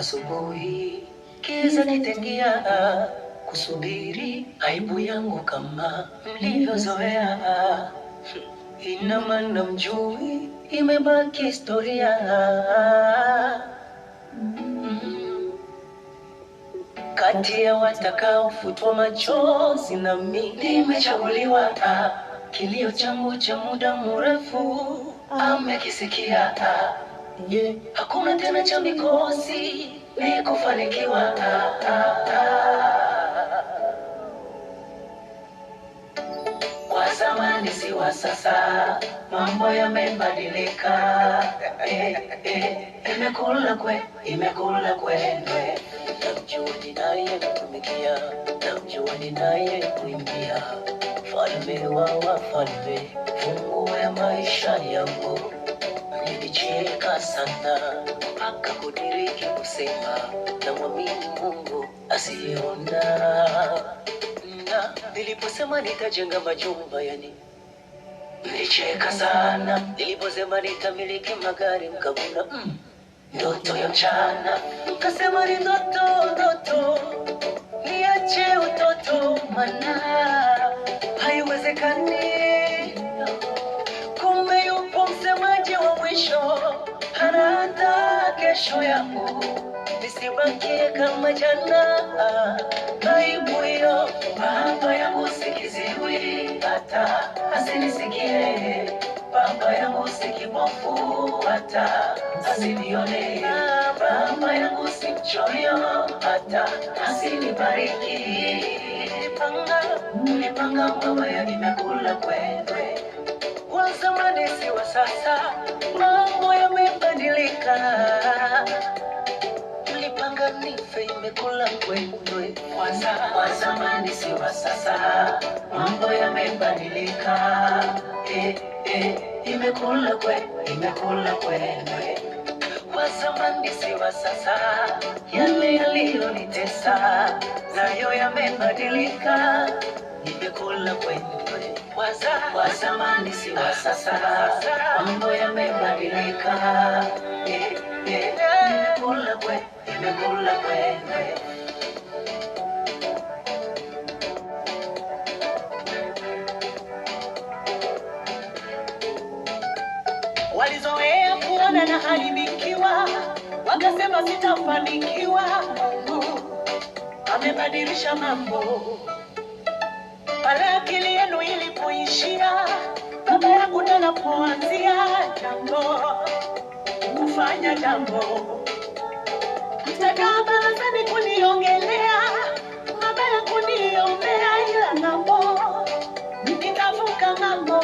asubuhi, kiza kitengia, kusubiri aibu yangu kama mlivyozoea. Ina maana mjui, imebaki historia. Kati ya watakaofutwa machozi, na mi nimechaguliwa. Kilio changu cha muda mrefu amekisikia yeah. Hakuna tena cha mikosi ni kufanikiwa ta, ta, ta. Wa zamani si wa sasa, mambo yamebadilika. Eh, eh, imekula kwe, imekula kwendwe. Namjua naye kutumikia, namjua ninaye kuimbia, mfalme wa wafalme, funguo ya maisha yangu nilicheka sana mpaka kudiriki kusema na mwamini Mungu asiyeona na niliposema nitajenga majumba yani nilicheka sana niliposema nitamiliki magari mkaguna mm, ndoto ya mchana mkasema ni ndoto ndoto niache utoto mana haiwezekani macho yako isibakie kama jana. Aibu hiyo baba yangu sikiziwi, hata asinisikie baba yangu si hata asinione baba yangu si hata asinibariki. Nilipanga nilipanga baba ya nimekula kwendwe wa zamani si sasa, mambo yamebadilika. Dunia mifa imekula kwendwe, wa zamani si wa sasa, mambo yamebadilika. Eh, eh, imekula kwe, imekula kwendwe, wa zamani si wa sasa, yale yaliyonitesa nayo yamebadilika. Imekula kwendwe, wa zamani si wa sasa, mambo yamebadilika. Eh, eh, imekula kwendwe Kwende kula kwende walizoea kuona na haribikiwa, wakasema sitafanikiwa. Mungu amebadilisha mambo. Pale akili yenu ilipoishia, baba yangu ndanapoanzia jambo kufanya jambo Umetaka barazani kuniongelea, mabaya kuniombea, ila ng'ambo nikitavuka ng'ambo,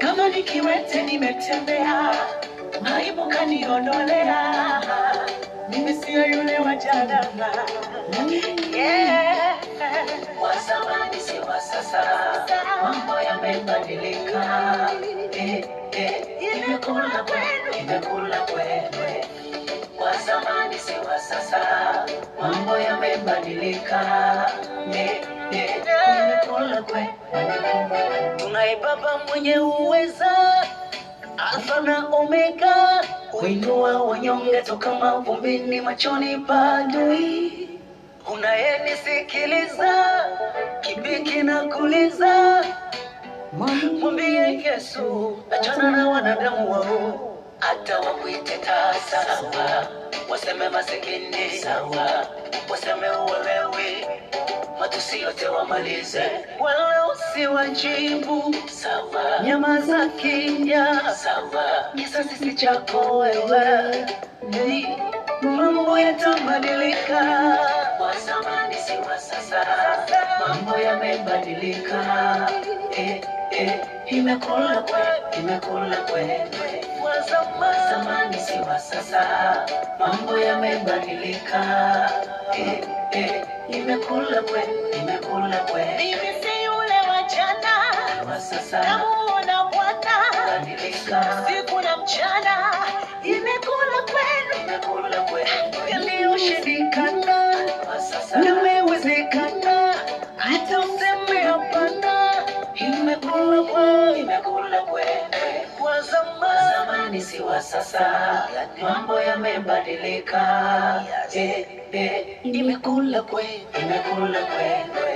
kama nikiwete nimetembea, aibu kaniondolea, mimi siyo yule wa jana yeah. Wa zamani si wa sasa, mambo yamebadilika, imekula kwenu, imekula kwenu zamani si wa sasa, mambo yamebadilika. Tunaye Baba mwenye uweza, Alfa na Omega, kuinua wanyonge toka mavumbini, machoni pa adui. Unayenisikiliza kibiki na kuliza, mwambie Yesu, achana na wanadamu wao hata wakuite tasa, waseme masikini sawa, waseme uwelewi, matusi yote wamalize, wala usiwajibu sawa, nyamaza kimya sawa, kisasi si chako wewe, mambo yatabadilika kwa zamani, si wa sasa, mambo yamebadilika, eh, eh, imekula kwe, imekula kwe zamani, zamani si wa sasa, mambo yamebadilika. Eh, eh, nimekula kwe, nimekula kwe, mimi si yule wa jana, wa sasa namuona Bwana badilika, siku na mchana, nimekula kwe, nimekula kwe, yaliyoshindikana yamewezekana, hata useme hapana, nimekula kwe zamani si wa sasa, mambo yamebadilika. Yeah, yeah, yeah. Imekula kwe, imekula kwe